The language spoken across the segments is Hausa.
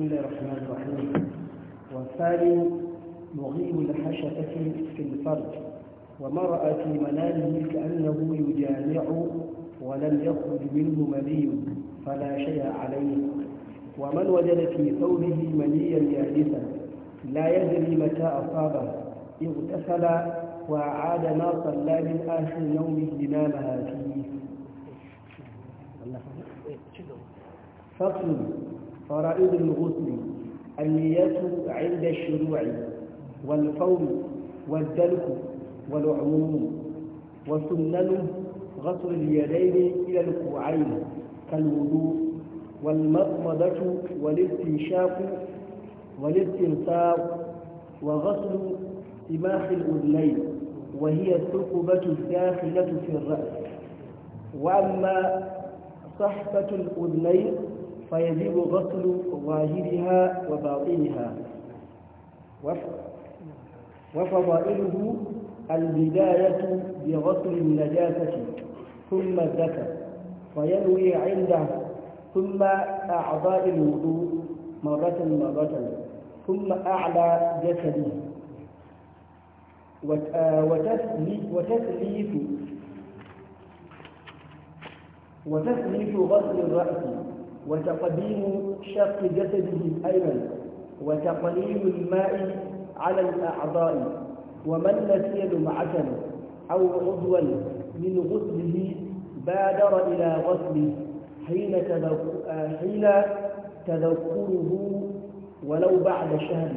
بسم الله الرحمن الرحيم والثاني مغيب الحشة في الفرج ومرأة في منامه كأنه يجامع ولم يخرج منه مني فلا شيء عليه ومن وجد في ثوبه منيا جالسا لا يدري متى أصابه اغتسل وأعاد ما صلى من آخر يومه نامها فيه فصل فرائض الغسل النية عند الشروع والفول والدلك والعموم وسننه غسل اليدين إلى الكوعين كالوضوء والمضمضة والاستنشاق والاستنساق وغسل سماح الأذنين وهي الثقبة الداخلة في الرأس وأما صحبة الأذنين فيجب غسل ظاهرها وباطنها وفضائله البداية بغسل النجاسة ثم الذكر فينوي عنده ثم أعضاء الوضوء مرة مرة ثم أعلى جسده آه، وتثليث وتثليث غسل الرأس وتقديم شق جسده أيضا وتقليل الماء على الأعضاء ومن نسي لمعة أو عضوا من غسله بادر إلى غسله حين حين تذكره ولو بعد شهر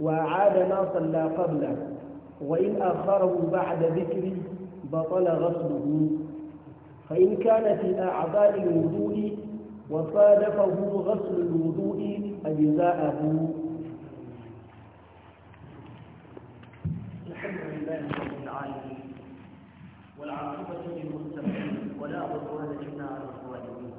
وأعاد ما صلى قبله وإن أخره بعد ذكره بطل غسله فإن كان في أعضاء الوضوء وصادفه غسل الوضوء أجزاءه الحمد لله رب العالمين والعاقبة للمتقين ولا عدوان إلا على الظالمين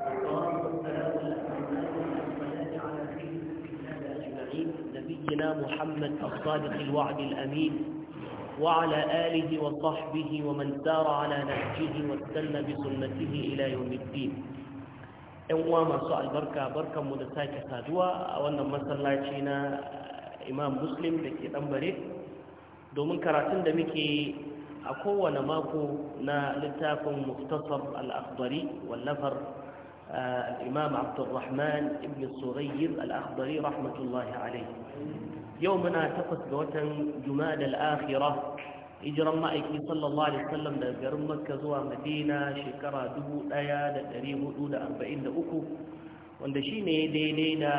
والصلاة والسلام الأكملان على سيدنا أجمعين نبينا محمد الصادق الوعد الأمين وعلى آله وصحبه ومن سار على نهجه واستنى بسنته إلى يوم الدين 'yan uwa masu albarka barkan mu da sake saduwa a wannan masallaci na imam muslim da ke ɗanbare domin karatun da muke a kowane mako na littafin muftasar al'akbari wallafar imam abdurrahman ibn surayyar al'akbari rahmatullahi alai yau muna takwas ga watan juma'a da al'akhira hijiran ma'aiki sallallahu alaihi wasallam daga garin makka zuwa madina shekara 1443 wanda shi ne daidai da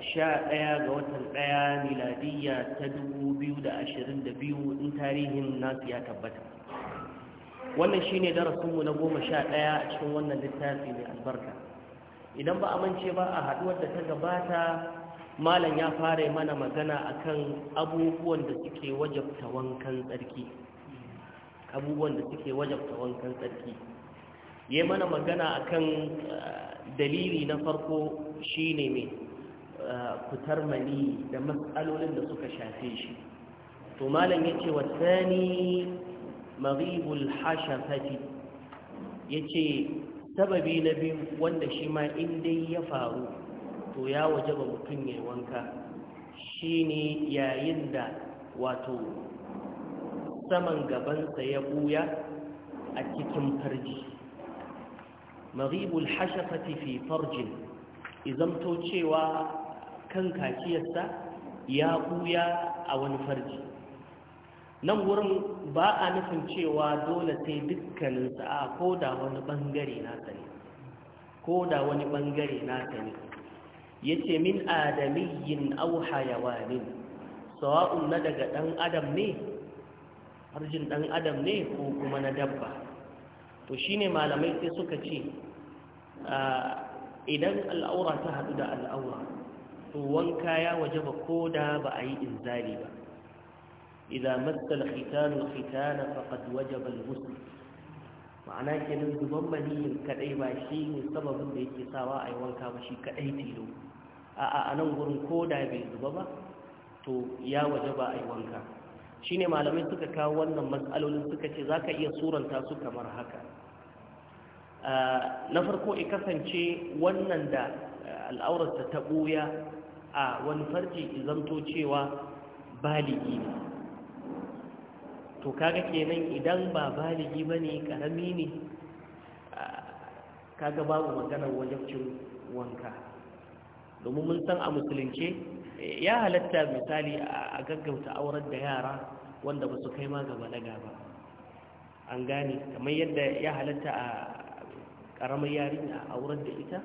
11 ga watan 1 miladiyya ta 2022 in tarihin nasu ya tabbata wannan shi ne darasinmu na 11 a cikin wannan littafi mai albarka idan ba amince ba a haduwar da ta gabata malam ya fara mana magana akan abubuwan da suke wajabta wankan tsarki abubuwan da suke wajabta wankan tsarki ya mana magana akan eh, dalili na farko shine mai eh, fitar mani da matsalolin da suka shafe shi to malam yace wasani maribul hashafati ce sababi na biyu wanda shi ma in dai ya faru wato ya waje ba mutum ya wanka shi ne yayin da wato saman gabansa ya buya a cikin farji maghibul hashafati fi farjin izamto cewa kan kaciyarsa ya buya a wani farji nan wurin ba a nufin cewa dole sai dukkanin a ko da wani bangare na ne ko wani bangare na ne yace min adamiyyin aw sawa'un na daga ɗan adam ne harjin ɗan adam ne ko kuma na dabba to shine malamai sai suka ce idan al'aura ta hadu da al'aura to wanka ya wajaba da ba a yi inzali ba idan masal khitanu fita na wajaba al-ghusl ma'ana kenan zuban maniyin kadai ba shi ne sababin da yake sawa a yi wanka ba shi kadai tilo a a nan gurin ko da bai zuba ba to ya waje ba a yi wanka shi ne malamai suka kawo wannan matsalolin suka ce za ka iya suranta su kamar haka na farko ya kasance wannan da eh, al'aurarsa ta ɓuya a wani farji zamto cewa baligi ne to kaga kenan idan ba baligi ba ne karami ne kaga babu maganar wajabcin wanka domin mun san a musulunce ya halatta misali a gaggauta aurar da yara wanda ba su kai ma ga balaga ba an gane kamar yadda ya halatta a ƙaramin yarinya a aurar da ita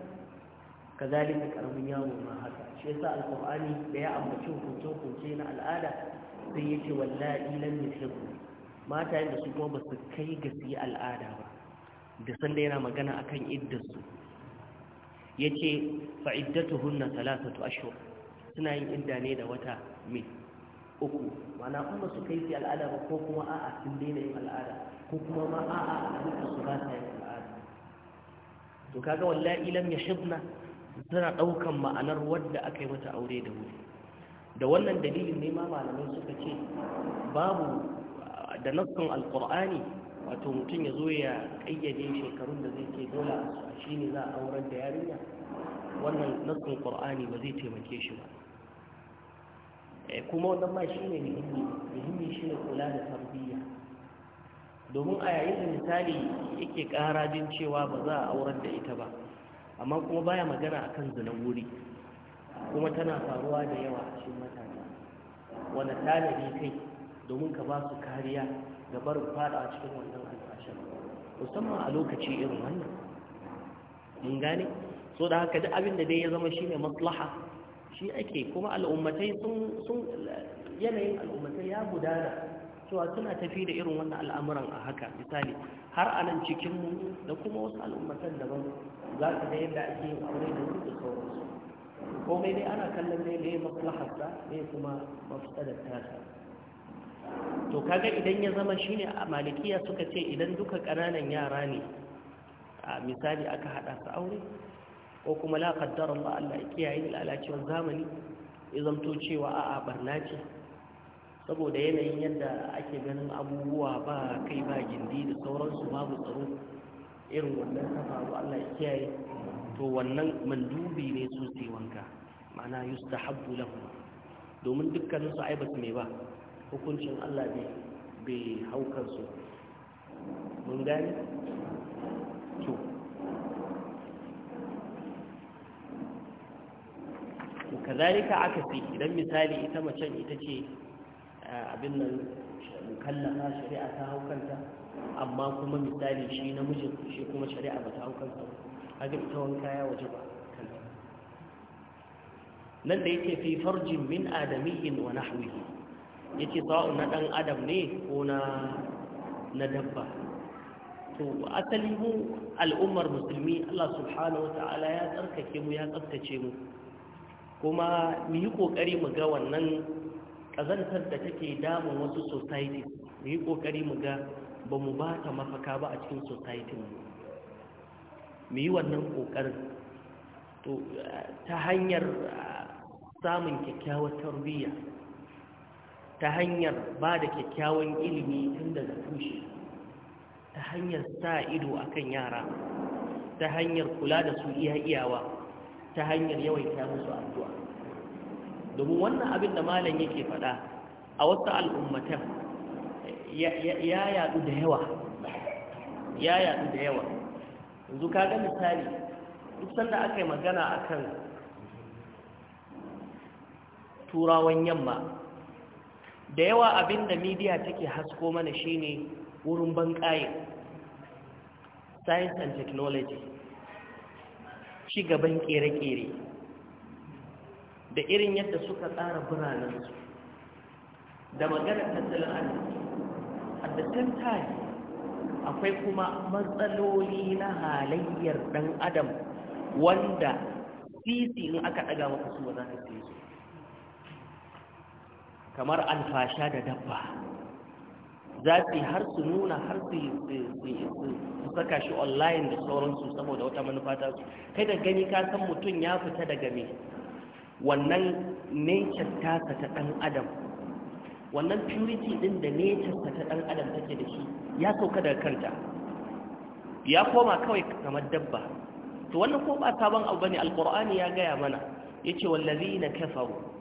kazalika karamin yawo ma haka shi yasa alkur'ani da ya ambaci hukunce hukunce na al'ada sai yace wallahi lan Mata da su kuma ba su kai ga su yi al'ada ba da sanda yana magana a kan iddarsu ya ce fa'iddatu hunna talatatu ashur suna yin inda ne da wata mai uku mana kuma su kai su al'ada ba ko kuma a'a sun daina yin al'ada ko kuma ma a'a a su ba ta yin al'ada to kaga wallahi lam yahibna suna daukan ma'anar wadda aka yi mata aure da wuri da wannan dalilin ne ma malamai suka ce babu da nassun alkur'ani wato mutum ya zo ya kayyade shekarun da zai ke dole a shi ne za a auren da yarinya wannan nassun qur'ani ba zai taimake shi ba eh, kuma wannan ma shi ne muhimmi muhimmi shi ne kula da tarbiyya domin a yayin da misali yake jin cewa ba za a auren da ita ba amma kuma baya magana akan zinan wuri kuma tana faruwa da yawa a cikin matasa wanda tanadi kai domin ka ba su kariya ga barin fada a cikin wannan alfashin musamman a lokaci irin wannan mun gane so da haka duk abin da dai ya zama shine maslaha shi ake kuma al'ummatai sun yanayin al'ummatai ya gudana cewa suna tafi da irin wannan al'amuran a haka misali har a nan cikinmu da kuma wasu al'ummatan daban za su da yadda ake yin aure da wuri da sauransu komai dai ana kallon ne ne sa, ne kuma mafsadar tasa to kaga idan ya zama shine a malikiya suka ce idan duka ƙananan yara ne a misali aka haɗa su aure ko kuma la qaddar Allah Allah kiyaye lalacewar zamani ya zamto cewa a barna ce saboda yanayin yadda ake ganin abubuwa ba kai ba gindi da sauransu babu tsaro irin wannan ta Allah ya kiyaye to wannan mandubi ne su wanka ma'ana yustahabbu lahu domin dukkanin su ai ba su mai ba hukuncin Allah ne bai haukar su mun gani to kazalika aka fi idan misali ita macen ita ce eh, abin nan kallafa shari'a ta haukanta amma kuma misali shi namijin shi kuma shari'a ba ta haukanta haka ita wanka ya waje ba nan da yake fi farjin min adamiyyin wa nahwihi ya ce na ɗan adam ne ko na dabba to asali mu al'ummar musulmi Allah subhanahu wa ta'ala ya tsarkake mu ya tsarkace mu kuma mu yi ƙoƙari mu ga wannan ƙazantar da take damun wasu society mu yi ƙoƙari mu ga ba mu ba ta mafaka ba a cikin society mu mu yi wannan ƙoƙarin ta hanyar ah, samun kyakkyawar tarbiyya ta hanyar ba da kyakkyawan ilimi tun daga tushe ta hanyar sa ido akan yara ta hanyar kula da su iya iyawa ta hanyar yawaita musu addu'a domin wannan abin da malam yake faɗa a wasu al'ummatan ya yadu da yawa ya yaɗu da yawa yanzu kaga misali duk sanda aka yi magana akan turawan yamma da yawa abin da media take hasko mana shine wurin bankaye science and technology shi gaban kere-kere da irin yadda suka tsara biranensu da maganar tattalin arziki at the same time akwai kuma matsaloli na halayyar ɗan adam wanda sisi in aka ɗaga maka su ba za ka su kamar alfasha da dabba za su har su nuna har su su saka shi online da sauransu saboda wata manufa ta su kai da gani ka san mutum ya fita daga me wannan nature tasa ta ɗan adam wannan purity ɗin da nature ta ɗan adam take da shi ya sauka daga kanta ya koma kawai kamar dabba to wannan ko ba sabon abu bane alqur'ani ya gaya mana yace wallazina kafaru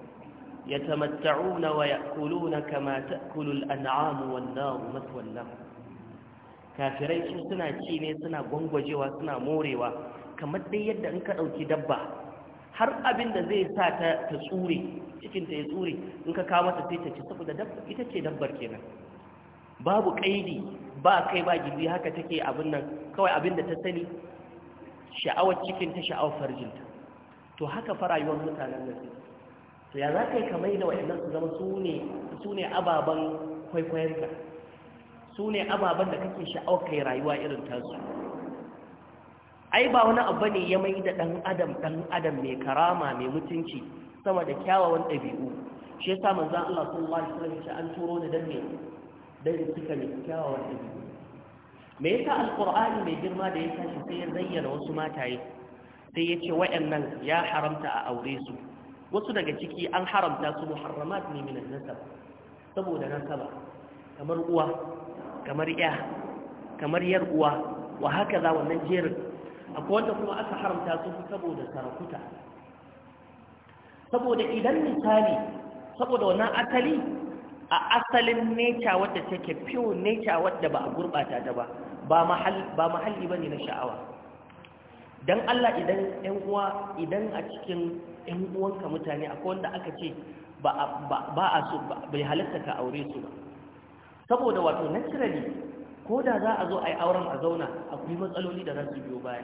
يتمتعون ويأكلون كما تأكل الأنعام naru مثوى لهم kafirai su suna ci ne suna gwangwajewa suna morewa kamar dai yadda in ka ɗauki dabba har abin da zai sa ta ta tsure cikin ta ya tsure in ka kawo mata sai ta ci saboda dabba ita ce dabbar kenan babu kaidi ba kai ba gibi haka take abin nan kawai abin da ta sani sha'awar cikin ta sha'awar farjinta to haka fa rayuwar mutanen nan to ya za ka yi kamar da wa'annan su zama su ne ababen su ne ababen da kake sha'awar kai rayuwa irin tasu ai ba wani abu ne ya mai da ɗan adam ɗan adam mai karama mai mutunci sama da kyawawan ɗabi'u shi yasa manzon Allah sallallahu alaihi wasallam ya an turo ni dan me dan kyawawan ɗabi'u me yasa Alƙur'ani mai girma da ya tashi sai ya zayyana wasu mataye sai ya ce waɗannan ya haramta a aure su wasu daga ciki an haramta su muharramat ne minan nasaba saboda nasaba kamar uwa kamar ya kamar yar uwa wa haka za wannan jerin akwai wanda kuma aka haramta su saboda sarakuta saboda idan misali saboda wannan asali a asalin nature wadda take pure nature wadda ba a gurbata ta ba ba mahalli ba ne na sha'awa don Allah idan ‘yan idan a cikin ‘yan uwanka mutane akwai wanda aka ce ba a so bai halatta ka aure su ba saboda wato naturally ko da za a zo a yi auren a zauna akwai matsaloli da za su biyo baya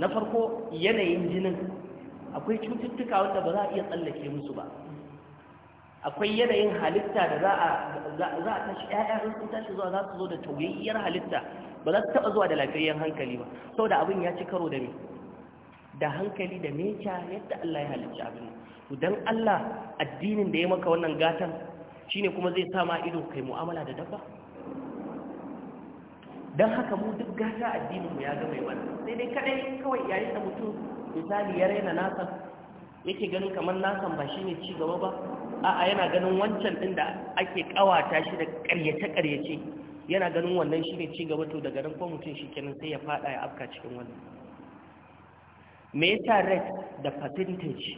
na farko yanayin jinin akwai cututtuka wanda ba za a iya tsallake musu ba akwai yanayin halitta da za a tashi ‘ya'ya sun tashi zuwa za su zo da tauyayyiyar halitta ba za su taɓa zuwa da lafiyayyen hankali ba sau da abin ya ci karo da me da hankali da meca yadda Allah ya halicci abin to Allah addinin da ya maka wannan gatan shine kuma zai sa ma ido kai mu'amala da dabba dan haka mu duk gata addinin mu ya ga mai wannan sai dai kadai kawai yayin da mutum misali ya raina nasa yake ganin kamar nasan ba shine ci gaba ba a'a yana ganin wancan din da ake kawata shi da ƙaryace-ƙaryace yana ganin wannan shi ne ci gaba to daga nan ko mutum shi kenan sai ya fada ya afka cikin wannan Meta red rate da percentage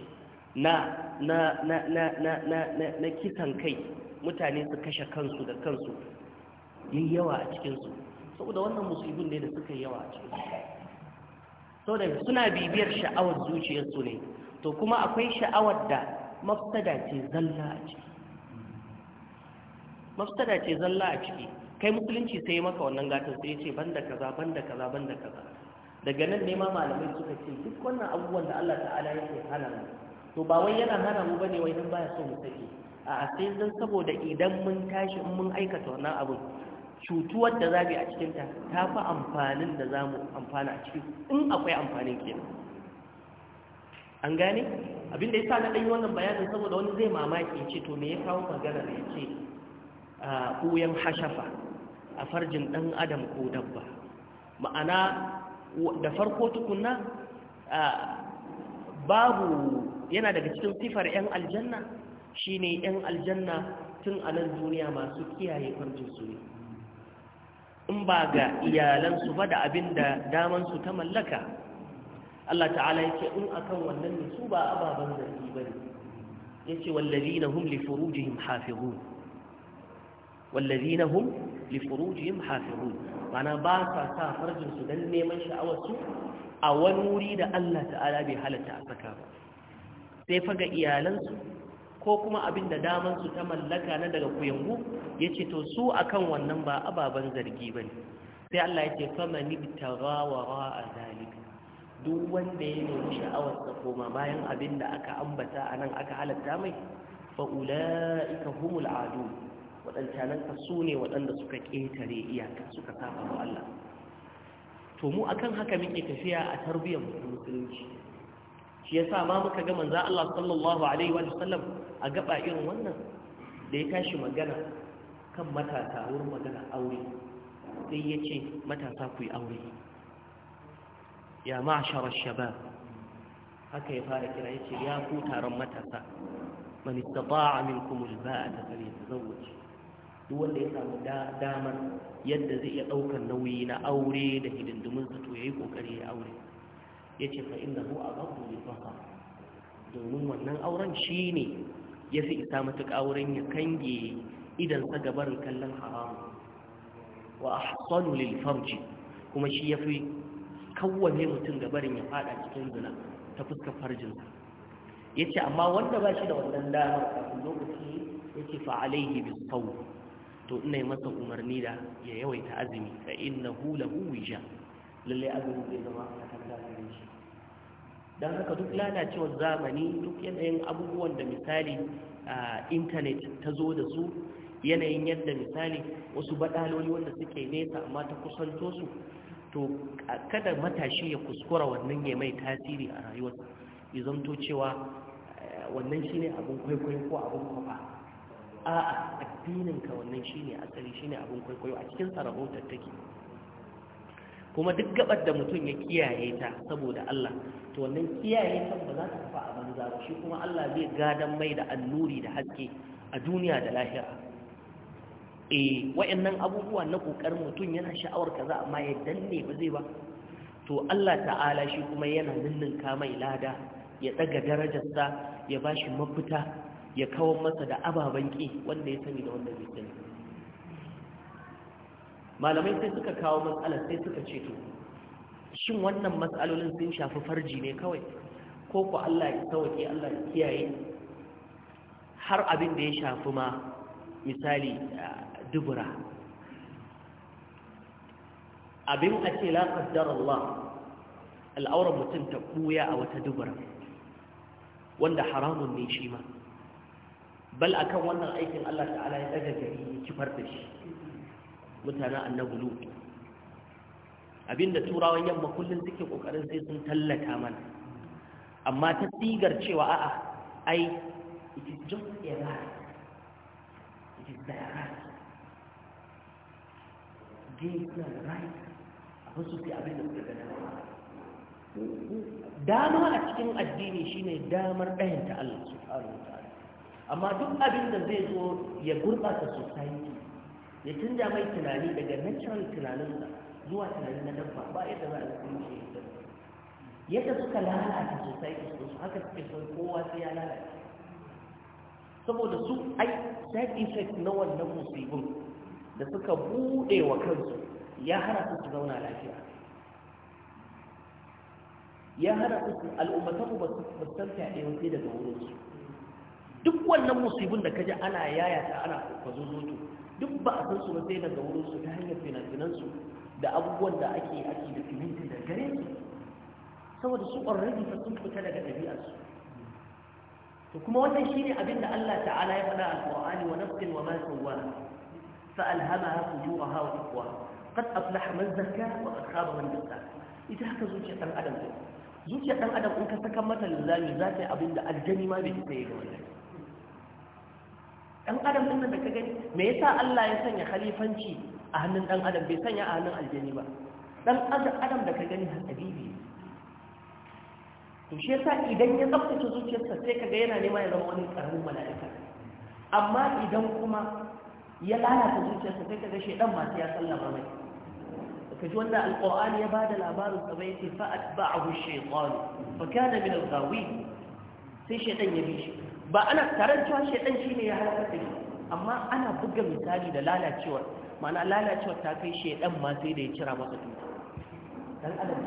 na na na na na na na kisan kai mutane su kashe kansu da kansu yi yawa a cikinsu saboda wannan musibin ne da suka yawa a cikinsu saboda suna bibiyar sha'awar zuciyarsu ne to kuma akwai sha'awar da mafsada ce zalla a ciki mafsada ce zalla a ciki kai musulunci sai ya maka wannan gatan sai ya ce da kaza ban da kaza ban da kaza daga nan ne ma malamai suka ce duk wannan abubuwan da Allah ta'ala yake hana mu to ba wai yana hana mu bane wai dan baya so mu saki a sai dan saboda idan mun tashi in mun aikata wannan abun cutuwar da bi a cikin ta ta fi amfanin da zamu amfana a ciki in akwai amfanin kenan an gane abinda yasa na dai wannan bayanin saboda wani zai mamaki ce to me ya kawo magana da ce a ah, Uyan hashafa a farjin ɗan adam ko dabba ma'ana da farko tukunna babu yana daga cikin sifar 'yan aljanna shine 'yan aljanna tun a nan duniya masu kiyaye farjinsu ne in ba ga iyalansu ba da abin da damansu ta mallaka Allah ta'ala ya ce in akan wannan ne su ba ababen zargi ba ne ya ce wallazina hum li furujihim hafizun wallazina hum lifurujiyin hafirun mana ba sa sa su don neman sha'awarsu a wani wuri da Allah ta'ala bai halarta a tsaka ba sai faga iyalansu ko kuma abinda da damansu ta mallaka na daga kuyangu ya ce to su akan wannan ba ababen zargi ba ne sai Allah ya ce fama ni ta rawa a zalika duk wanda ya nemi sha'awar koma bayan abin da aka ambata a nan aka halarta mai fa'ula ika humul adu waɗancananka su ne waɗanda suka ƙetare iyaka suka saba wa Allah to mu akan haka muke tafiya a tarbiyyar musulunci shi yasa ma muka ga manzo Allah sallallahu alaihi wa sallam a gaba irin wannan da ya tashi magana kan matasa wurin magana aure sai ya ce matasa ku yi aure ya ma'ashara shabab haka ya fara kira ya ce ya ku taron matasa man istata'a minkum al-ba'a falyatazawwaj duk wanda ya samu damar yadda zai iya ɗaukar nauyi na aure da hidindiminsa to ya yi ƙoƙari ya aure ya ce fa inda hu a gabu ne domin wannan auren shi ne ya fi isa matuƙa wurin ya kange sa gabarin kallon haramu wa ahsanu lil farji kuma shi ya fi kawwane mutum gabarin ya fada cikin zina ta fuskar farjinsa ya ce amma wanda ba shi da wannan damar kafin lokaci ya ce fa alaihi bisau to ina yi masa umarni da ya yawaita azumi fa innahu lahu wija lalle azumi zai zama a kan zamanin shi dan haka duk lalacewar zamani duk yanayin abubuwan da misali a intanet ta zo da su yanayin yadda misali wasu baɗaloli wanda suke nesa amma ta kusanto su to kada matashi ya kuskura wannan ya mai tasiri a rayuwarsa ya zanto cewa eh, wannan shine abin kwaikwayo ko abin kwafa a'a addinin ka wannan shine asali shine abin kwaikwayo a cikin sarabotar take kuma duk gabar da mutum ya kiyaye ta saboda Allah to wannan kiyaye ta ba za ta fa a banza ba shi kuma Allah zai gadan mai da annuri da haske a duniya da lahira eh wayannan abubuwa na kokar mutum yana sha'awar kaza amma ya danne ba zai ba to Allah ta'ala shi kuma yana ninninka mai lada ya daga darajarsa ya bashi mafita ya kawo masa da ababen ƙi wanda ya sani da wanda bai sani malamai sai suka kawo matsalar sai suka ce to shin wannan matsalolin sun shafi farji ne kawai ko ku Allah ya sauke Allah ya kiyaye har abin da ya shafi ma misali dubura abin a ce la Allah mutum ta ɓuya a wata dubura wanda haramun ne shi ma bal a kan wannan aikin Allah ta'ala ya daga gari ya kifar da shi mutanen annabi lut abinda turawan yamma kullum suke kokarin sai sun tallata mana amma ta sigar cewa a'a ai it is just a right it is their right gay their right abin su sai abin da suka gada dama a cikin addini shine damar ta Allah subhanahu wa ta'ala amma duk abin da zai zo ya gurɓata sosai, ya canja mai tunani daga natural tunaninsa zuwa tunani na dabba ba yadda za a yi kuma shi yadda suka lalata da su haka suke son kowa sai ya lalata saboda su ai side effect na wannan musibin da suka buɗe wa kansu ya hana su su zauna lafiya ya hana su al'ummatan ba su fuskanta a yau daga wurinsu duk wannan musibin da ka kaji ana yayata ana kwazozoto duk ba a san su ba sai daga wurin su ta hanyar su da abubuwan da ake ake da fimintin da gare su saboda su already fa sun fita daga ɗabi'arsu to kuma wannan shine abin da Allah ta'ala ya faɗa al-Qur'ani wa nafsin wa ma sawwaha fa alhamaha fujuraha wa taqwaha qad aflaha man zakkaha wa qad khaba man dassaha ita haka zuciyar dan adam zuciyar dan adam in ka saka mata linzami za ta yi abin da aljani ma bai ta yi ga wannan ɗan adam ɗin da ka gani me yasa Allah ya sanya khalifanci a hannun ɗan adam bai sanya a hannun aljani ba ɗan adam da ka gani hasabibi to shi yasa idan ya tsaftace zuciyarsa sai kaga yana nema ya zama wani ƙaramin mala'ika amma idan kuma ya lalata zuciyarsa sai kaga ɗan masu ya sallama mai ji wanda alqur'ani ya bada labarin sa bai ce fa atba'ahu shaytan fa kana min al-ghawi sai shedan ya bi shi ba ana taron cewa shaidan shi ne ya halaka da shi amma ana buga misali da lalacewar mana lalacewar ta kai shaidan ma sai da ya cira masa tuta dan adam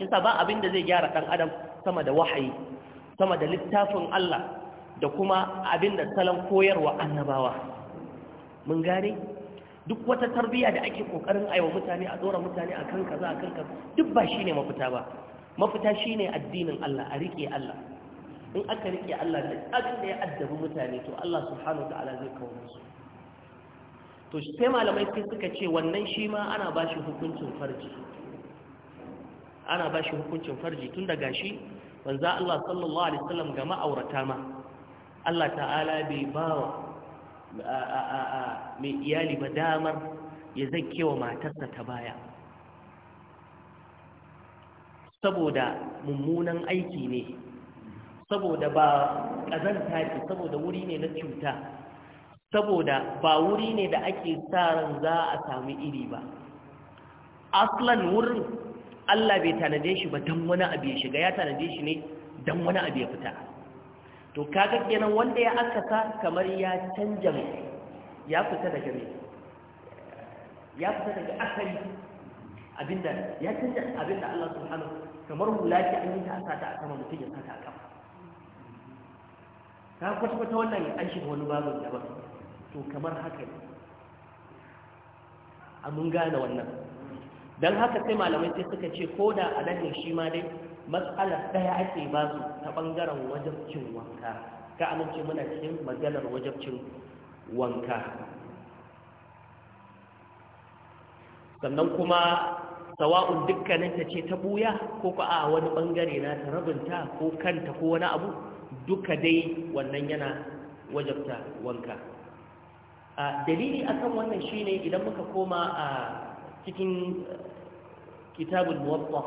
kisa ba abin da zai gyara dan adam sama da wahayi sama da littafin Allah da kuma abin da salon koyarwa annabawa mun gane duk wata tarbiyya da ake kokarin aiwa mutane a dora mutane akan kaza akan kaza duk ba shine mafita ba mafita shine addinin Allah a rike Allah in aka rike Allah da abin da ya addabi mutane to Allah subhanahu wa ta'ala zai kawo musu to sai malamai sai suka ce wannan shi ma ana ba shi hukuncin farji ana ba shi hukuncin farji tun daga shi wanzu Allah sallallahu alaihi wasallam ga ma'aurata ma Allah ta'ala bai bawa mai iyali ba damar ya wa matarsa ta baya saboda mummunan aiki ne saboda ba ƙazanta ce saboda wuri ne na cuta saboda ba wuri ne da ake sa ran za a sami iri ba aslan wurin Allah bai tanade shi ba don wani abu ya shiga ya tanade shi ne don wani abu ya fita to kaga kenan wanda ya sa kamar ya canja mai ya fita daga mai ya fita daga asali abinda ya canja abinda Allah subhanahu kamar hula ce an yi ta asata a sama mutum ya sata a kafa ka kwata-kwata wannan an shiga wani babin daban to kamar haka ne a mun gane wannan don haka sai malamai sai suka ce ko da a nan ne shi ma dai matsalar ɗaya ake ba su ta ɓangaren wajabcin wanka ka amince muna cikin maganar wajabcin wanka sannan kuma sawa'un dukkaninta ce ta buya ko ko a wani ɓangare na ta rabinta ko kanta ko wani abu duka dai wannan yana wajabta wanka a dalili akan wannan shine idan muka koma a cikin eh, kitabul muwatta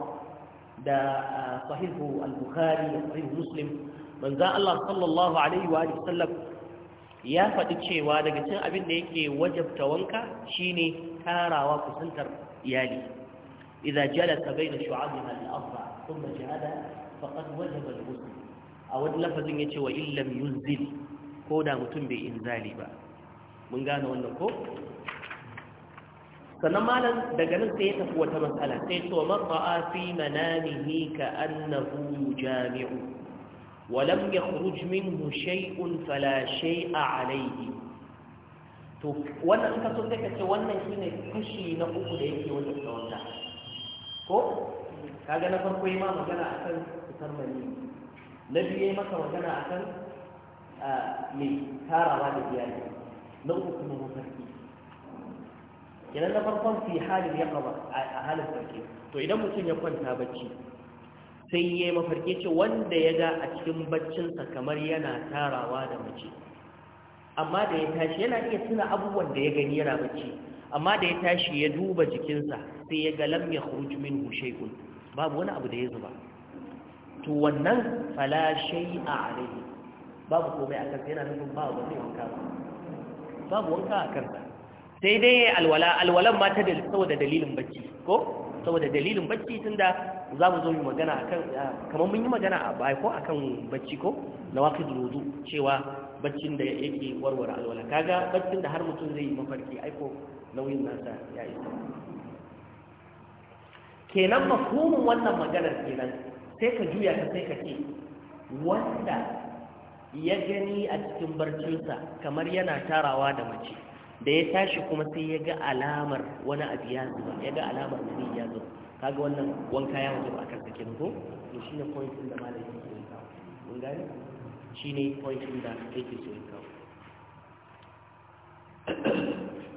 da eh, sahihu al-bukhari da sahihu muslim manzo Allah sallallahu alaihi wa sallam ya faɗi cewa daga cin abin da yake wajabta wanka shine tarawa kusantar iyali idza jalasa baina shu'abiha al afra, thumma jahada faqad wajaba al-ghusl a wani lafazin ya ce wa illam yunzil ko da mutum bai inzali ba mun gane wannan ko sannan malam daga nan sai ya tafi wata matsala sai to mar'a fi manamihi ka annahu jami'u wa lam yakhruj minhu shay'un fala shay'a alayhi to wannan ka so take ce wannan shine kashi na uku da yake wannan tsawon ko kaga na farko yi gana akan fitar maniyyi na yi maka magana a kan mai tarawa da iyali na uku kuma mafarki idan na farkon fi halin ya kaba a halin farki to idan mutum ya kwanta bacci sai ya mafarki ce wanda ya ga a cikin baccinsa kamar yana tarawa da mace amma da ya tashi yana iya tuna abubuwan da ya gani yana bacci amma da ya tashi ya duba jikinsa sai ya ga lam ya khuruj minhu babu wani abu da ya zuba to wannan fala a alayhi babu komai a kansa yana nufin ba wani wanka ba babu wanka a kansa sai dai alwala alwalan ma ta saboda dalilin bacci ko saboda dalilin bacci tun da za mu zo yi magana a kan, kamar mun yi magana a bai ko kan bacci ko na waqidul wudu cewa baccin da yake warware alwala kaga baccin da har mutum zai yi mafarki aiko nauyin nasa ya isa kenan mafhumin wannan maganar kenan sai ka juya ka sai ka ce wanda ya gani a cikin barcinsa kamar yana tarawa da mace da ya tashi kuma sai ya ga alamar wani abu ya zuba ya ga alamar wani ya zuba kaga wannan wanka ya wajen a kan sakin ko to shine point din da malam yake so ya mun gane shine point din da yake so ya kawo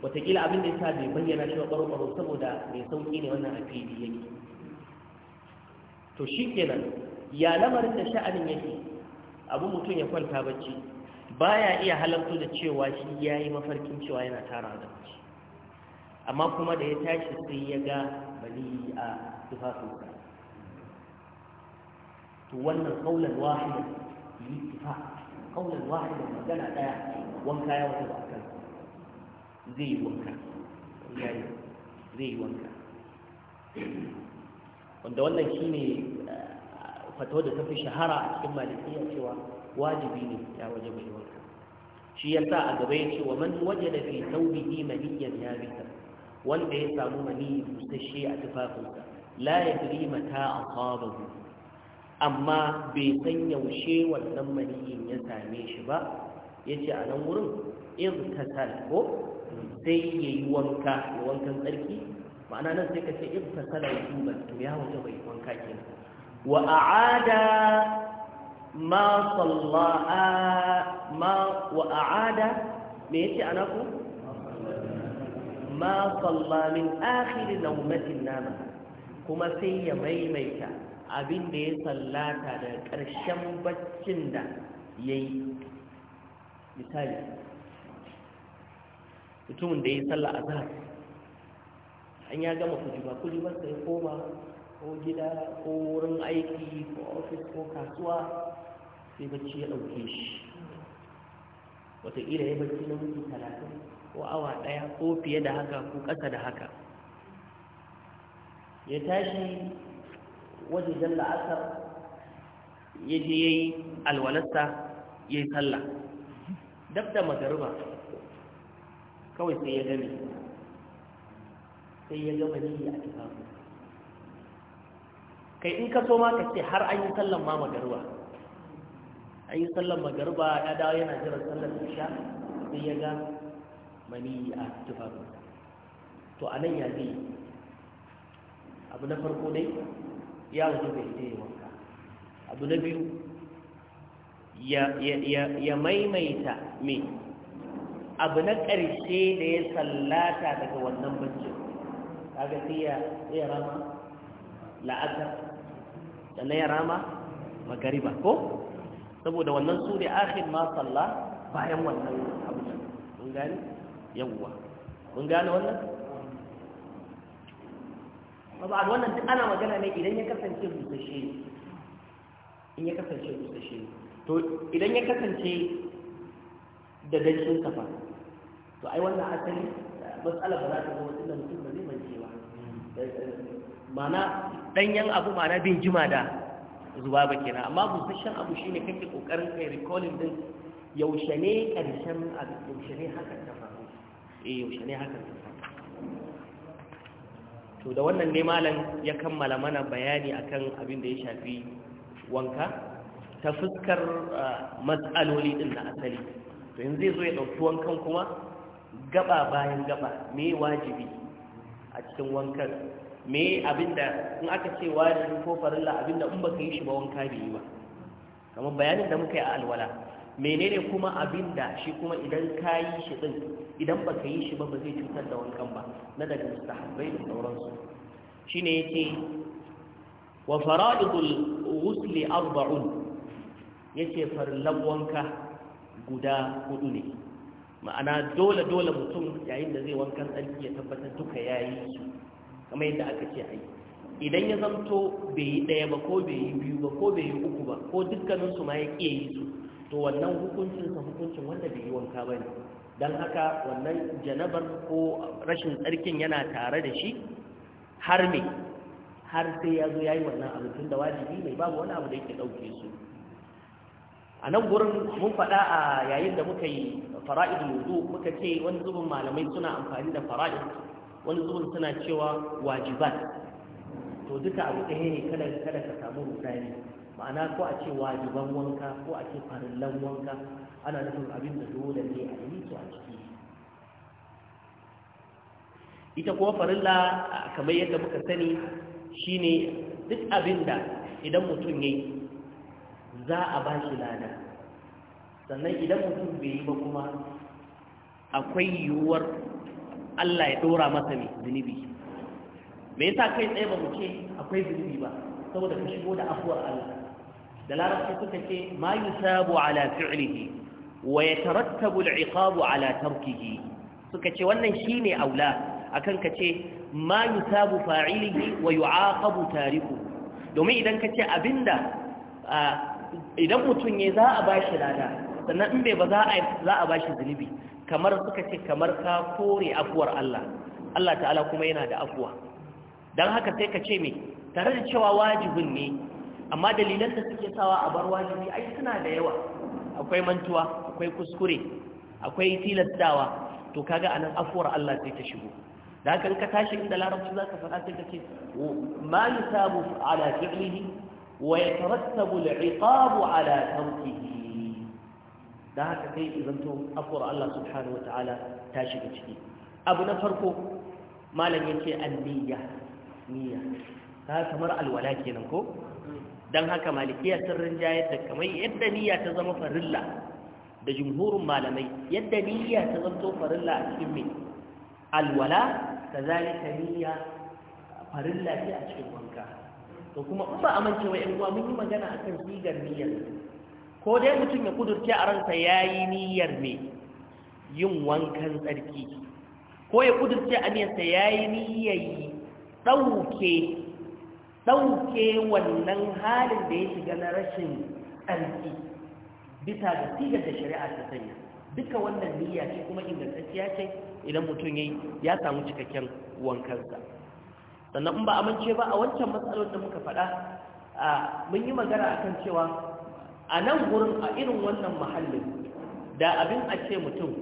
wataƙila abin da ya sa bai bayyana shi wa ɓaro-ɓaro saboda mai sauƙi ne wannan a fili yake to shi kenan ya lamarin da sha'anin yake abu mutum ya kwanta bacci ya iya halarta da cewa shi ya yi mafarkin cewa yana tara da bacci amma kuma da ya tashi sai ya ga bali a tufafinsa to wannan kaulan wahida yi tufa kaulan wahida magana daya wanka ya wata ba zai yi wanka zai yi wanka wanda wannan shine uh, fatawa da ta fi shahara a cikin malikiya cewa wajibi ne ya waje mai wanka shi ya sa a gaba ya ce wa man waje da fi taubihi maniyan ya bita wanda ya samu mani busasshe a tufafinsa la ya fi mata a kawabahu amma bai san yaushe wannan maniyin ya same shi ba ya ce a nan wurin in ka ko sai ya yi wanka wankan tsarki ma'ana nan sai ka ce ibtasala wuduban to ya waje bai wanka kenan wa a'ada ma sallaha ma wa a'ada me yace ana ku ma salla min akhir nawmatin nama kuma sai ya maimaita abin da ya sallata da ƙarshen baccin da yayi misali mutumin da ya salla zahar an ya gama kujima ba sai koma ko gida ko wurin aiki ko ofis ko kasuwa sai bacci ya ɗauke shi wataƙila ya bacci na mutu talatin ko awa ɗaya ko fiye da haka ko ƙasa da haka ya tashi wajen la'asar ya je ya yi alwalasta ya yi sallah dab da magariba kawai sai ya gani sai ya gama nihi a tufafi kai in ka so ma ka ce har an yi sallan ma magarba an yi sallan magarba ya dawo yana jiran sallan isha sai ya ga mani a tufafi to a nan ya zai abu na farko dai ya wuce bai yi wanka abu na biyu ya maimaita me abu na ƙarshe da ya sallata daga wannan bacci kaga sai ya ya rama la'asar sannan ya rama magariba ko saboda wannan su ne akhir ma sallah bayan wannan abu mun gane yawwa mun gane wannan ba wannan duk ana magana ne idan ya kasance busashe in ya kasance busashe to idan ya kasance da dancin kafa to ai wannan asali matsala ba za ta zo wannan mutum ba mana danyen abu mana bin jima da zuwa ba na, amma busasshen abu shine kake kokarin kai recalling din yaushe ne karshen abu yaushe ne hakan ta faru eh yaushe ne hakan ta faru to da wannan ne malam ya kammala mana bayani akan abin da ya shafi wanka ta fuskar ah, matsaloli din na asali to yanzu zai zo ya dauki wankan kuma gaba bayan gaba me wajibi cikin wankan me abinda in aka ce wajibin ko farilla abinda in baka yi shi ba wanka bai yi ba kamar bayanin da muka yi a alwala menene kuma abinda shi kuma idan ka yi shi din idan baka yi shi ba ba zai cutar da wankan ba na daga mustahabbai da sauransu shine yace wa fara'idul ghusl arba'un yace farillan wanka guda hudu ne ma'ana dole dole mutum yayin da zai wankan tsarki ya tabbatar duka ya yi su kamar yadda aka ce a yi idan ya zamto bai yi ɗaya ba ko bai yi biyu ba ko bai yi uku ba ko dukkaninsu ma ya ƙi yi su to wannan hukuncin sa hukuncin wanda bai yi wanka ba ne don haka wannan janabar ko rashin tsarkin yana tare da shi har me har sai ya zo ya yi wannan abu tun da wajibi mai babu wani abu da yake ɗauke su a nan gurin mun faɗa a yayin da muka yi fara'id wudu muka ce wani zubin malamai suna amfani da fara'id wani zubin suna cewa wajibat to duka abu ɗaya ne kada kada ka samu rudani ma'ana ko a ce wajiban wanka ko a ce farillan wanka ana nufin abin da dole ne a yi to a ciki ita kuma farilla kamar yadda muka sani shine duk abin da idan mutum ya yi za a ba shi lada sannan idan mutum bai yi ba kuma akwai yiwuwar Allah ya ɗora masa mai zunubi me yasa kai tsaye ba mu ce akwai zunubi ba saboda ka shigo da afuwar Allah da larabci suka ce ma yusabu ala fi'lihi wa yatarattabu al-iqabu ala tarkihi suka ce wannan shine aula akan ka ce ma yusabu fa'ilihi wa yu'aqabu tariku domin idan ka ce abinda idan mutum ya za a ba shi lada sannan in bai ba za a ba shi zunubi kamar suka ce kamar ka kore afuwar Allah Allah ta'ala kuma yana da afuwa don haka sai ka ce mai tare da cewa wajibin ne amma dalilan da suke sawa a bar wajibi ai suna da yawa akwai mantuwa akwai kuskure akwai tilastawa to kaga anan afuwar Allah sai ta shigo da haka in ka tashi inda larabci za ka faɗa sai ka ce ma yusabu ala fi'lihi ويترتب العقاب على تركه da haka kai izanto afuwar Allah subhanahu wataala ta shiga ciki abu na farko malam yace anniya niyya ta kamar alwala kenan ko dan haka malikiya sun rinjaye da kamar yadda niyya ta zama farilla da jumhurin malamai yadda niyya ta zama farilla a cikin mai alwala kazalika niyya farilla ce a cikin wanka to kuma in ba a mance wa uwa mun yi magana akan sigar niyyar ko dai mutum ya kudurce a ransa ya yi niyyar me yin wankan tsarki ko ya kudurce a niyyarsa ya yi niyyar ɗauke ɗauke wannan halin da ya shiga na rashin tsarki bisa ga sigar da shari'a ta sanya duka wannan niyya ce kuma ingantacciya ce idan mutum ya samu cikakken wankansa sannan in ba amince ba a wancan matsalar da muka faɗa mun yi magana akan cewa a nan gurin a irin wannan mahallin da abin a ce mutum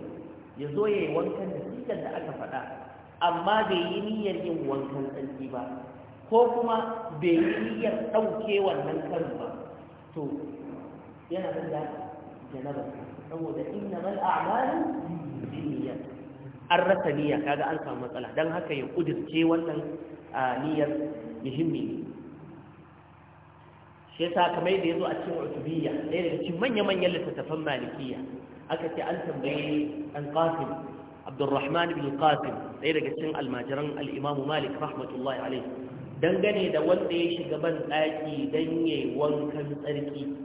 ya zo ya yi wankan da sigar da aka faɗa amma bai yi niyyar yin wankan tsarki ba ko kuma bai yi niyyar ɗauke wannan ba to yana nan da janaba saboda inna mal a'malu binniyat an rasa niyya kaga an samu matsala dan haka ya kudirce wannan a niyyar muhimmi ne shi yasa kamar da yazo a cikin utubiyya ɗaya daga cikin manya-manyan littattafan malikiya aka ce an tambaye an qasim abdurrahman ibn qasim ɗaya daga cikin almajiran al malik rahmatullahi alaihi dangane da wanda ya shiga ban dan don yayi wankan tsarki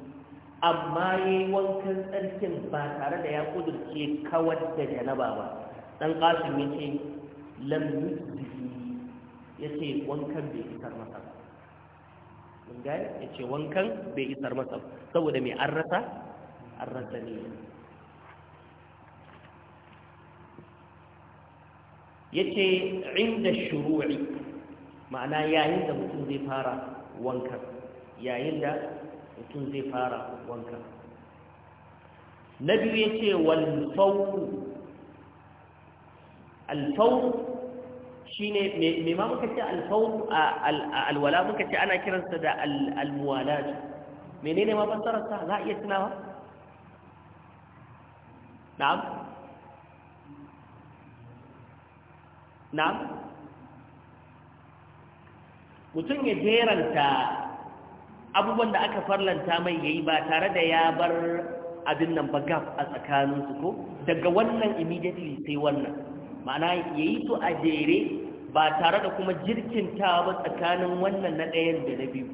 amma yi wankan tsarkin ba tare da ya kudurce kawar da janaba ba dan qasim yace lam yusbihi ya ce wankan bai isar masa mun ya ce wankan bai isar masa saboda mai an rasa an rasa ne ya ce inda shuru'i ma'ana yayin da mutum zai fara wankan yayin da mutum zai fara wankan na biyu ya ce walfauru alfauru shine me ma muka ce alfawd alwala muka ce ana kiransa da almuwalat menene ma fassarar sa za a iya tunawa na'am na'am mutum ya jeranta abubuwan da aka farlanta mai yayi ba tare da ya bar abin nan ba gap a tsakaninsu ko daga wannan immediately sai wannan ma'ana ya yi su a jere ba tare da kuma ta ba tsakanin wannan na ɗayan da na biyu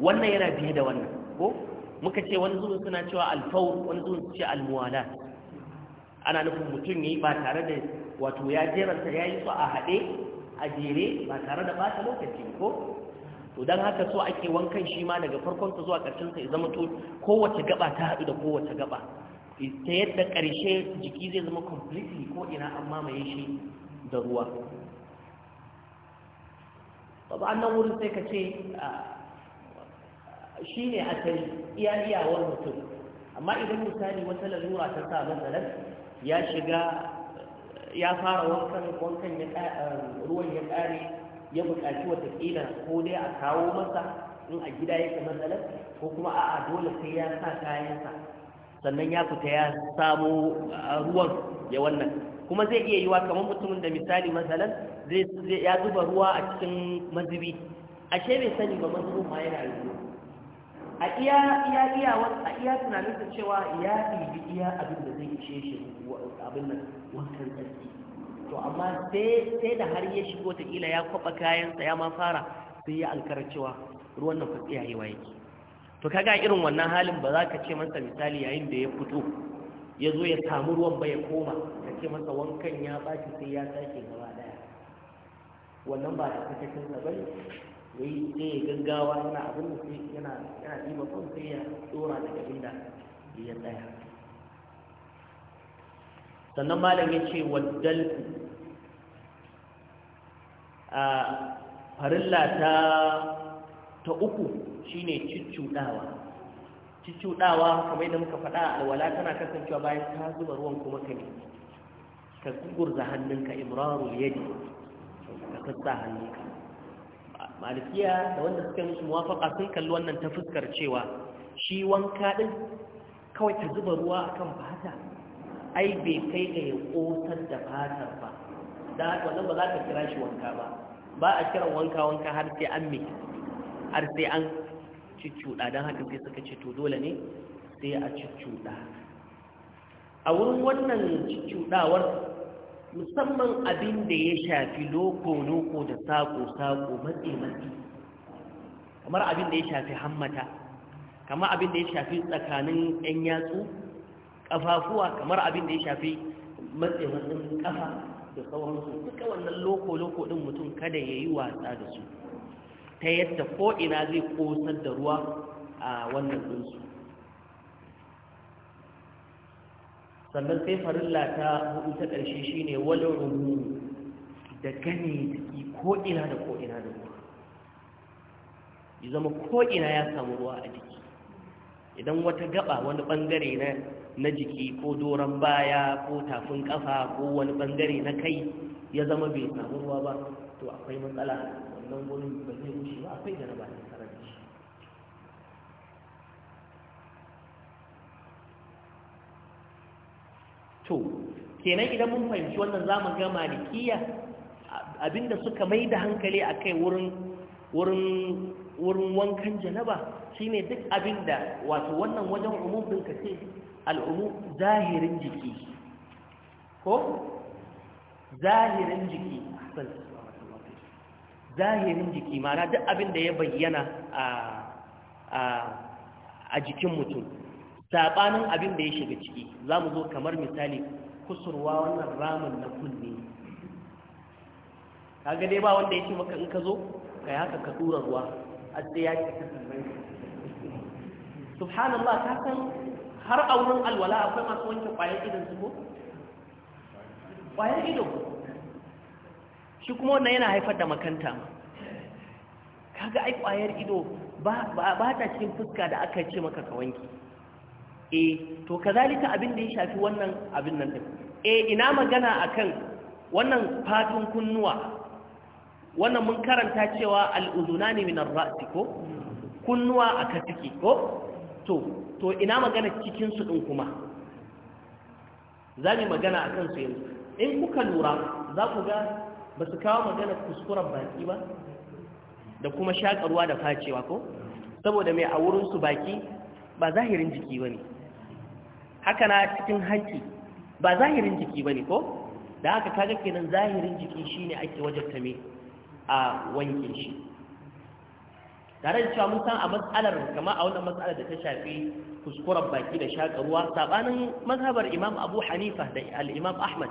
wannan yana biye da wannan ko muka ce wani zuwa suna cewa alfawu, wani zuwa ce almuwala ana nufin mutum ya yi ba tare da wato ya jeranta ya yi su a haɗe a jere ba tare da ɓata lokaci ko to don haka so ake wankan shi ma daga farkonsa zuwa ƙarshensa ya zama to kowace gaba ta haɗu da kowace gaba ta yadda ƙarshe jiki zai zama completely ko ina an mamaye shi da ruwa babu annan wurin sai ka ce shi ne a tari iya iyawar mutum amma idan misali wata lalura ta sa matsalar ya shiga ya fara wankan wankan eh, ruwan ya ƙare ya buƙaci watakila ko dai a kawo masa in a gida yake matsalar ko kuma a'a dole sai ya sa kayansa sannan ya fita ya samo ah, ruwan ya wannan kuma zai iya yiwa kamar mutumin da misali masalan zai ya zuba ruwa a cikin mazubi ashe bai sani ba mazubin ma yana yi a iya iya iya a iya tunanin da cewa ya ɗibi iya abin da zai ishe shi abin nan wankan tsarki to amma sai da har ya shigo ta kila ya kwaba kayansa ya ma fara sai ya alkara cewa ruwan nan fa tsiyayewa yake to kaga irin wannan halin ba za ka ce masa misali yayin da ya fito ya zo ya samu ruwan ba ya koma ka ce masa wankan ya bashi sai ya sake gaba daya wannan ba da cikakken sa bane sai ya gaggawa yana abin da sai yana yana diba kan sai ya tsora daga inda ya tsaya sannan malam ya ce waddal a ah, farilla ta uku shine ciccudawa ciccudawa kamar yadda muka faɗa alwala tana kasancewa bayan ta zuba ruwan kuma ka ne ka gurza hannunka imrarul yadi ka sassa hannunka malikiya da wanda suka musu muwafaka sun kalli wannan ta fuskar cewa shi wanka din kawai ta zuba ruwa akan fata ai bai kai ga ya kosar da fatar ba da haka wannan ba za ka kira shi wanka ba ba a kiran wanka wanka har sai an mai har sai an ciccuɗa don haka sai suka ce to dole ne sai a ciccuɗa a wurin wannan ciccuɗawar musamman abin da ya shafi loko-loko da saƙo-saƙo matse-matse kamar abin da ya shafi hammata kamar abin da ya shafi tsakanin 'yan yatsu ƙafafuwa kamar abin da ya shafi matse-matsen ƙafa da sauransu duka wannan loko-loko ɗin mutum kada ya yi wasa da su ta yadda ko'ina zai kosar da ruwa a wannan ɗinsu sannan sai farilla ta hudu ta ƙarshe shi ne wani rumu da gane jiki ko'ina da ko'ina da ruwa ya zama ko'ina ya samu ruwa a jiki idan wata gaba wani ɓangare na jiki ko doron baya ko tafin ƙafa ko wani ɓangare na kai ya zama bai samu ruwa ba to akwai matsala wannan wurin ba zai wuce ba akwai da raba ta tare da shi to kenan idan mun fahimci wannan za mu ga malikiya abinda suka mai da hankali a kai wurin wankan janaba shine duk abinda wato wannan wajen umumin ka ce al'umu zahirin jiki ko zahirin jiki zahirin jiki mana duk abin da ya bayyana a jikin mutum saɓanin abin da ya shiga ciki za mu zo kamar misali kusurwa wannan ramin na kunne Ka dai ba wanda ya ce maka in ka zo ka haka ka tura ruwa a sai ya ce subhanallah ka san har auren alwala akwai masu wanke kwayar idan su ko kwayar idan shi kuma wannan yana haifar da makanta kaga ai kwayar ido ba ta cikin fuska da aka ce maka ka wanki Eh to kazalika abin da ya shafi wannan abin nan din Eh ina magana akan wannan fatun kunnuwa wannan mun karanta cewa al'uzunani min ar-ra'si ko kunnuwa aka ciki ko to to ina magana cikin su din kuma zamu magana akan su yanzu in kuka lura za ku ga ba su kawo magana kuskuren baki ba da kuma shakarwa da facewa ko saboda mai a wurinsu baki ba zahirin jiki ba ne haka na cikin haƙƙi ba zahirin jiki ba ne ko da haka kaga kenan zahirin jiki shi ne ake wajabta mai a wanke shi tare da cewa mun san a matsalar kama a wannan matsalar da ta shafi kuskuren baki da shakarwa sabanin mazhabar imam abu hanifa da al'imam ahmad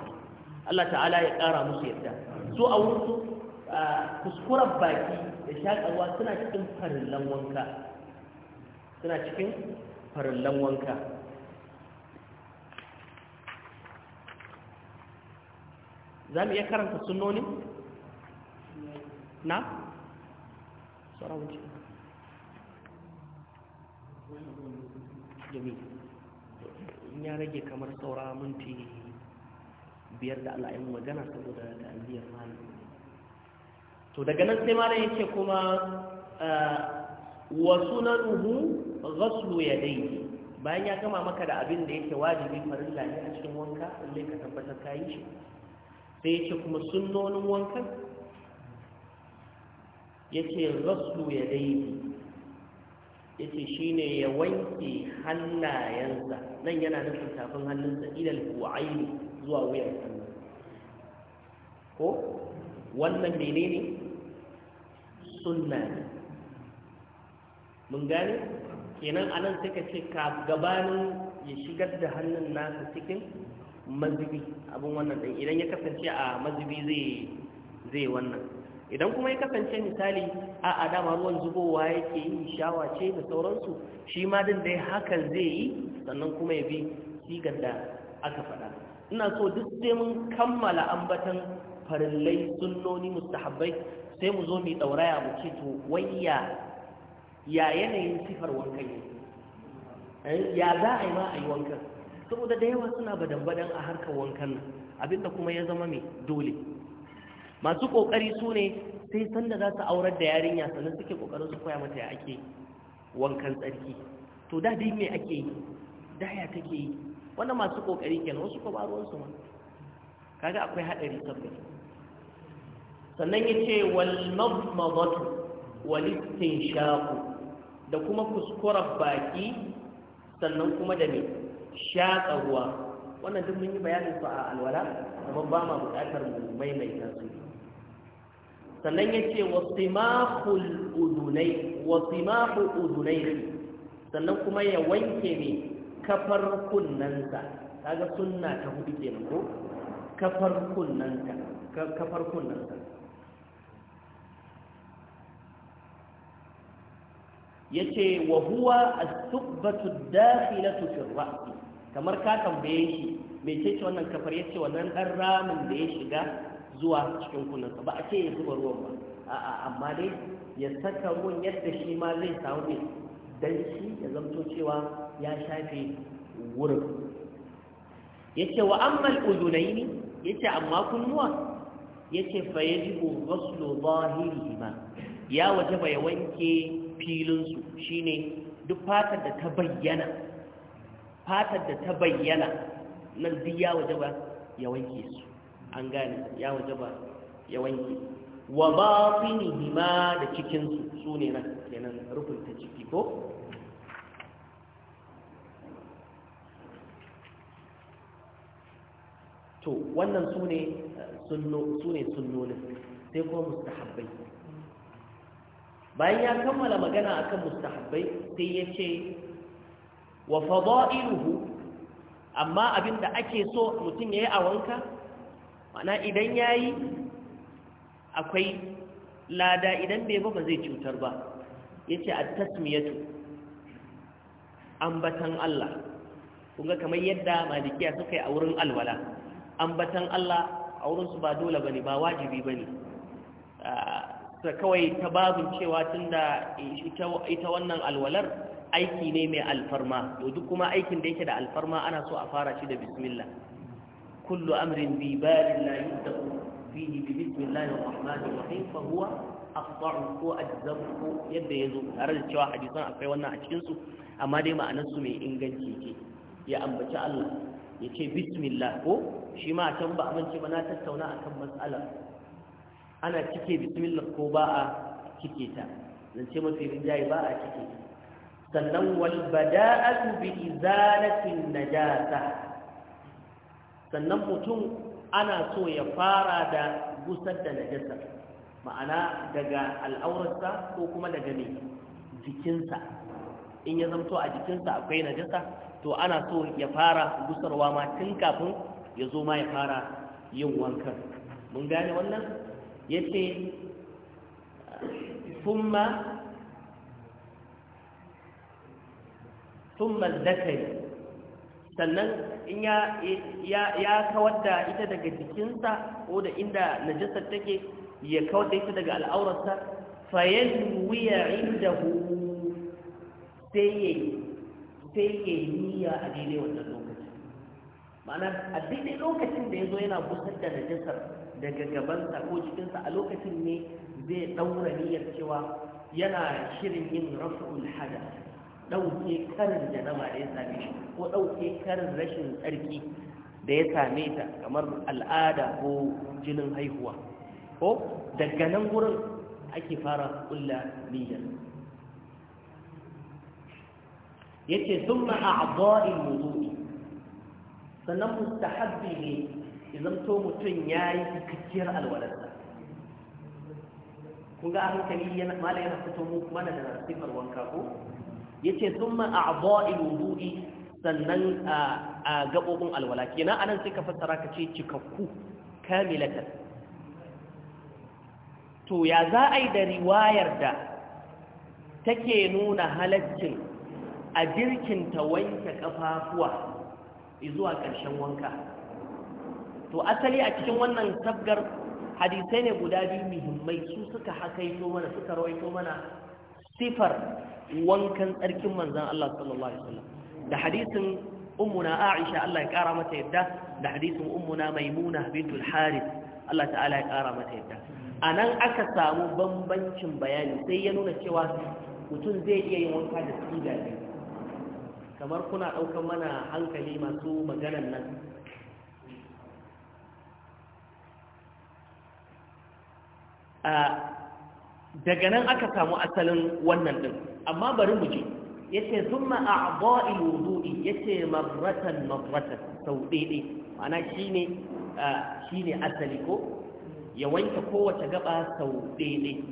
allah ta'ala ya ƙara musu yadda so a wurin kuskuren baki da shakarwa suna cikin farillan wanka suna cikin farillan wanka za mu iya karanta sunoni? na? sarawunci jami ya rage kamar saura minti biyar da ala'ayin magana saboda ta'aziyar ma to daga nan sai malam yace kuma wa sunanuhu ghaslu yadayhi bayan ya gama maka da abin da yake wajibi farilla ne a cikin wanka sai ka tabbatar ka yi shi sai yace kuma sunnonin wankan yace ghaslu yadayhi yace shine ya wanke hannayensa nan yana nufin tafin hannunsa ilal ku'aini zuwa wuyan hannu ko wannan menene sunna ne mun gane kenan anan suka ce ka gabanin ya shigar da hannun nasa cikin mazubi abin wannan ɗin idan ya kasance a mazubi zai wannan idan kuma ya kasance misali a adama ruwan zubowa yake yi shawa ce da sauransu shi ma din dai hakan zai yi sannan kuma ya bi sigar da aka faɗa ina so duk sai mun kammala ambatan farillai sunnoni mustahabbai sai mu zo mu ɗauraya mu ce to wayya ya yanayin sifar wankan yi eh, ya za a yi ma a yi wankan saboda da yawa suna badan-badan a harkar wankan nan abinda kuma ya zama mai dole masu ƙoƙari su ne sai sanda za su aurar da yarinya sannan suke ƙoƙarin su koya mata ya ake wankan tsarki to da dai me ake yi da ya take yi wannan masu ƙoƙari kenan wasu ko ba ma kaga akwai haɗari tabbata sannan ya ce walmazmazatu walistin shaku da kuma kuskura baki sannan kuma da ne shaƙa ruwa wannan duk mun yi bayanin su a alwala amma ba ma buƙatar mu maimaita su sannan ya ce wasimahul udunai wasimahu udunai sannan kuma ya wanke ne kafar kunnansa kaga sunna ta hudu kenan ko kafar kafar kunnansa yace wa huwa as-subbatu dakhilatu fi ar kamar ka tambaye shi me ce wannan kafar yace wannan dan ramin da ya shiga zuwa cikin kunan ba a ce ya zuba ruwan ba a'a amma dai ya saka ruwan yadda shi ma zai samu ne dan ya zamto cewa ya shafe wurin yace wa amma al-udunaini yace amma kunnuwa yace fa yajibu ghuslu zahirihima ya wajaba ya wanke filinsu ne duk fatar da ta bayyana fatar da ta bayyana nan duk ya waje ba ya wanke su an gane ya waje ba ya wanke wa ni ma da cikinsu su ne nan kenan ta ciki ko to wannan su ne eh, sunnonin sai kuma mustahabbai bayan ya kammala magana a akan mustahabbai sai ya ce wa fada'iluhu amma abin da ake so mutum ya yi a wanka mana idan ya yi akwai lada idan bai ba ba zai cutar ba ya ce a tasmiyatu ambatan Allah kunga kamar yadda malikiya suka yi a wurin alwala ambatan Allah a wurinsu ba dole ba ne ba wajibi ba ne ta kawai ta babin cewa tun da ita wannan alwalar aiki ne mai alfarma to duk kuma aikin da yake da alfarma ana so a fara shi da bismillah kullu amrin bi balin la yubda'u fihi bi bismillahir rahmanir rahim fa huwa afdalu ko ajzamu ko yadda yazo tare da cewa hadisan akwai wannan a cikin su amma dai ma'anar su mai inganci ce ya ambaci Allah ya ce bismillah ko shi ma can ba amince ba na tattauna akan matsalar ana cike bismillah ko ba a cike ta ce mafi rinjaye ba a cike sannan wal bada'atu bi izalati najasa sannan mutum ana so ya fara da gusar da najasa ma'ana daga al'aurarsa ko kuma daga ne jikinsa in ya zamto a jikinsa akwai najasa to ana so ya fara gusarwa ma tun kafin ya zo ma ya fara yin wankan mun gane wannan yete ce summa zakari sannan ya kawar da ita daga jikinsa ko da inda najasar take ya kawar da ita daga al'aurarsa fayan wuya inda hu sai yi niyya a daidai wannan ma'ana a daidai lokacin da ya zo yana busar da najasar daga gabansa ko jikinsa a lokacin ne zai ɗaura niyyar cewa yana shirin yin rafu'ul hada ɗauke karin janaba da ya same shi ko ɗauke karin rashin tsarki da ya same ta kamar al'ada ko jinin haihuwa ko daga nan wurin ake fara ƙulla niyyar yace summa a'dha'il wudu'i sannan mustahabbi ne idan to mutum ya yi cikakkiyar alwalarsa kun ga a hankali malam yana fito mu mana da nasifar wanka ko yace thumma a wudu'i sannan a gabobin alwala kenan anan sai ka fassara ka ce cikakku kamilatan to ya za a yi da riwayar da take nuna halaccin a jirkinta wanke kafafuwa zuwa ƙarshen wanka to asali a cikin wannan sabgar hadisai ne guda biyu muhimmai su suka hakaito mana suka rawaito mana sifar wankan tsarkin manzan Allah sallallahu alaihi wasallam da hadisin ummuna Aisha Allah ya kara mata yadda da hadisin ummuna Maimuna bintul Harith Allah ta'ala ya kara mata yadda anan aka samu bambancin bayani sai ya nuna cewa mutum zai iya yin wanka da tsiga biyu kamar kuna ɗaukar mana hankali masu maganan nan daga nan aka samu asalin wannan ɗin amma bari mu je ya ce sun ma'a'ba'i wudu'i ya ce mabratan mabratan sau ɗaiɗe mana shi ne asali ko ya wanke kowace gaba sau ɗaiɗe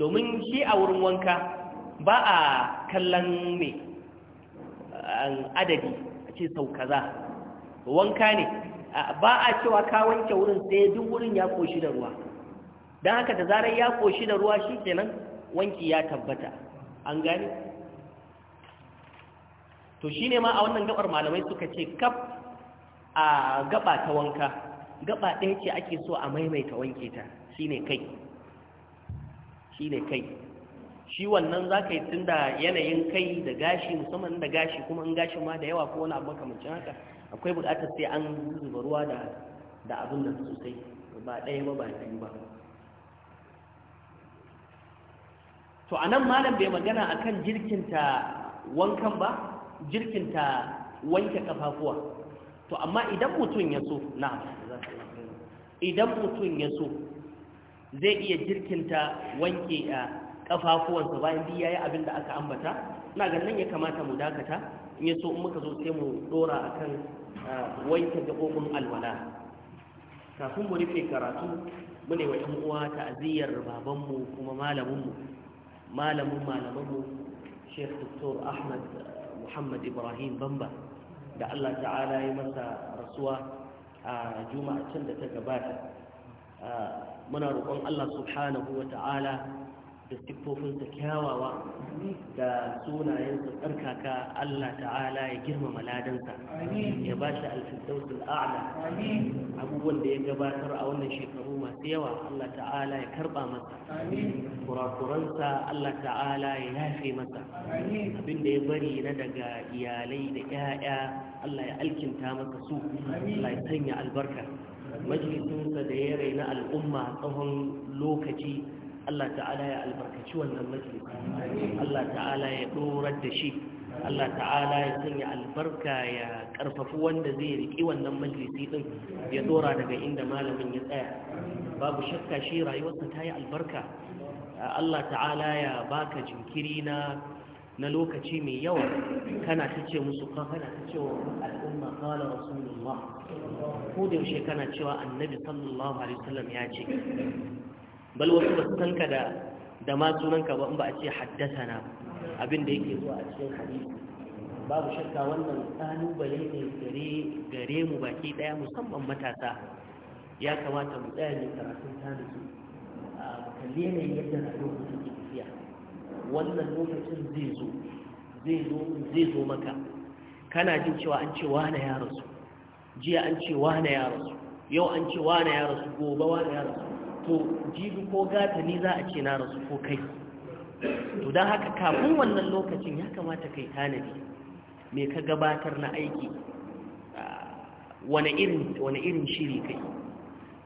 domin shi a wurin wanka ba a kallon mai adadi a ce sau kaza wanka ne ba a cewa ka wanke wurin sai duk wurin ya koshi da ruwa don haka da zarar ya koshi da ruwa shi kenan wanki ya tabbata an gane to shi ne ma a wannan gabar malamai suka ce kaf a gaba ta wanka gaba ɗaya ce ake so a maimaita wanke ta shi ne kai shi ne kai shi wannan za ka yi tun da yanayin kai da gashi musamman da gashi kuma in gashi ma da yawa ko wani abu makamancin haka akwai buƙatar sai an zuba ruwa da abin da sosai ba ɗaya ba ba biyu ba to a nan malam bai magana akan jirkinta wankan ba jirkinta wanke kafafuwa to amma idan mutum ya so na idan mutum ya so zai iya jirkinta wanke eh, kafafuwansa bayan duk yayi abin da aka ambata ina ga nan ya kamata mu dakata in yaso in muka zo sai mu dora akan ah, wanke gabobin alwala kafin mu rufe karatu mu ne wa ƴan uwa ta'aziyar babanmu kuma malaminmu malamin malamanmu Sheikh Dr. Ahmad Muhammad Ibrahim Bamba da Allah ta'ala ya masa rasuwa a juma'a can da ta gabata ah, muna roƙon Allah subhanahu wa ta'ala da siffofinsa kyawawa da sunayensa tsarkaka Allah ta'ala ya girmama ladansa ya ba shi alfisautul a'la abubuwan da ya gabatar a wannan shekaru masu yawa Allah ta'ala ya karba masa kurakuransa Allah ta'ala ya yafe masa abinda ya bari na daga iyalai da 'ya'ya Allah ya alkinta masa su Allah ya sanya albarka majalisinsa da ya raina al'umma tsawon lokaci Allah ta'ala ya albarkaci wannan majalisi Allah ta'ala ya dorar da shi Allah ta'ala ya sanya albarka ya karfafi wanda zai riki wannan majalisi din ya dora daga inda malamin ya tsaya babu shakka shi rayuwarsa ta yi albarka Allah ta'ala ya baka jinkiri na na lokaci mai yawa kana ta musu kan kana ta wa al'umma kala rasulullah ko da kana cewa annabi sallallahu alaihi wasallam ya ce bal wasu ba su san ka da da ma ka ba in ba a ce haddasa na abin da yake zuwa a cikin hadisi babu shakka wannan kalubale ne gare gare mu baki daya musamman matasa ya kamata mu tsaya ne karatun tanisu a kalli yanayin yadda rayuwar take tafiya wannan lokacin zai zo zai zo maka kana jin cewa an ce wane ya rasu jiya an ce wane ya rasu yau an ce wane ya rasu gobe wane ya rasu to jibi ko gata ni za a ce na rasu ko kai to don haka kafin wannan lokacin ya kamata kai tanadi me ka gabatar na aiki wani irin shiri kai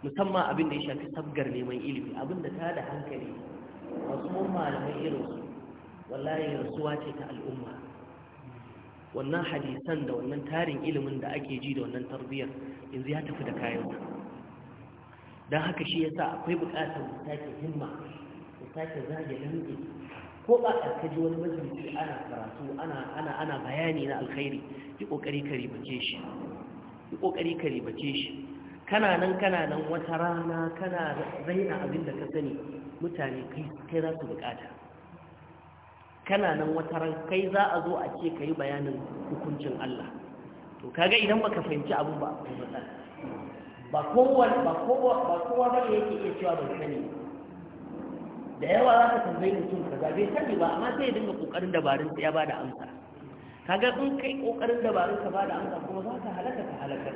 musamman abin da ya shafi sabgar neman ilimi abin da ta da hankali masu malamai irinsu wallahi rasuwa ce ta al'umma wannan hadisan da wannan tarin ilimin da ake ji da wannan tarbiyyar yanzu ya tafi da kayan don haka shi yasa akwai bukatar mu sake himma mu sake zage dantse ko ba a kaji wani majalisi ana karatu ana ana bayani na alkhairi yi kokari ka ribace shi yi kokari ka ribace shi kana nan kana nan wata rana kana raina abin da ka sani mutane kai za su bukata kana nan wata ran kai za a zo a ce ka yi bayanin hukuncin Allah to kaga idan baka fahimci abin ba akwai matsala ba kowa ba kowa ba yake iya cewa bai sani da yawa za ka tambayi mutum kaza bai sani ba amma sai ya dinga kokarin dabarun ya ba da amsa kaga in kai kokarin dabarun ka ba da amsa kuma za ka halaka ka halaka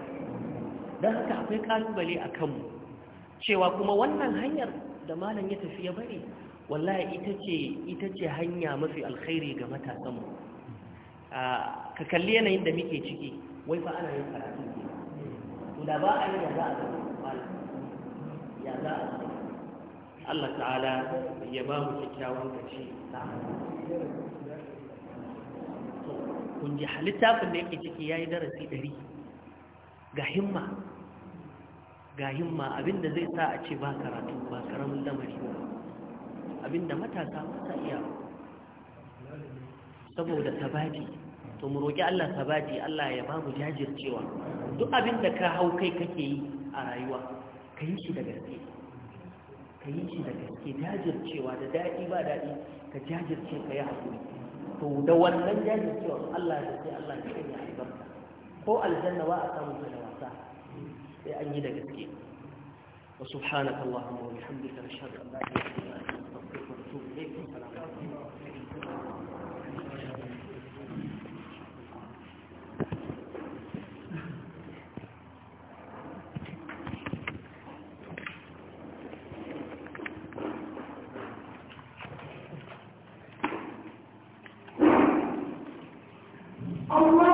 dan haka akwai kalubale a kanmu cewa kuma wannan hanyar da malam ya tafi ya bari wallahi ita ce ita ce hanya mafi alkhairi ga matasanmu ah, ka kalli yanayin da muke ciki wai fa ana yin karatu da ba a yi da za a zama ya za a zama Allah ta'ala ya ba mu kyakkyawan kashi kun ji littafin da yake ciki ya yi darasi ɗari ga himma ga himma abinda zai sa a ce ba karatu ba karamin lamari ba abinda matasa mata iya saboda sabadi, to mu roƙi Allah sabadi Allah ya ba mu jajircewa duk abin da ka hau kai kake yi a rayuwa ka yi shi da gaske ka yi shi da gaske jajircewa da daɗi ba daɗi ka jajirce ka yi haƙuri to da wannan jajircewa Allah da sai Allah ya sanya albarka ko aljanna ba a samu ta da wasa sai an yi da gaske wa subhanaka allahumma wa bihamdika nashhadu an la ilaha illa anta astaghfiruka wa atubu ilayk Allah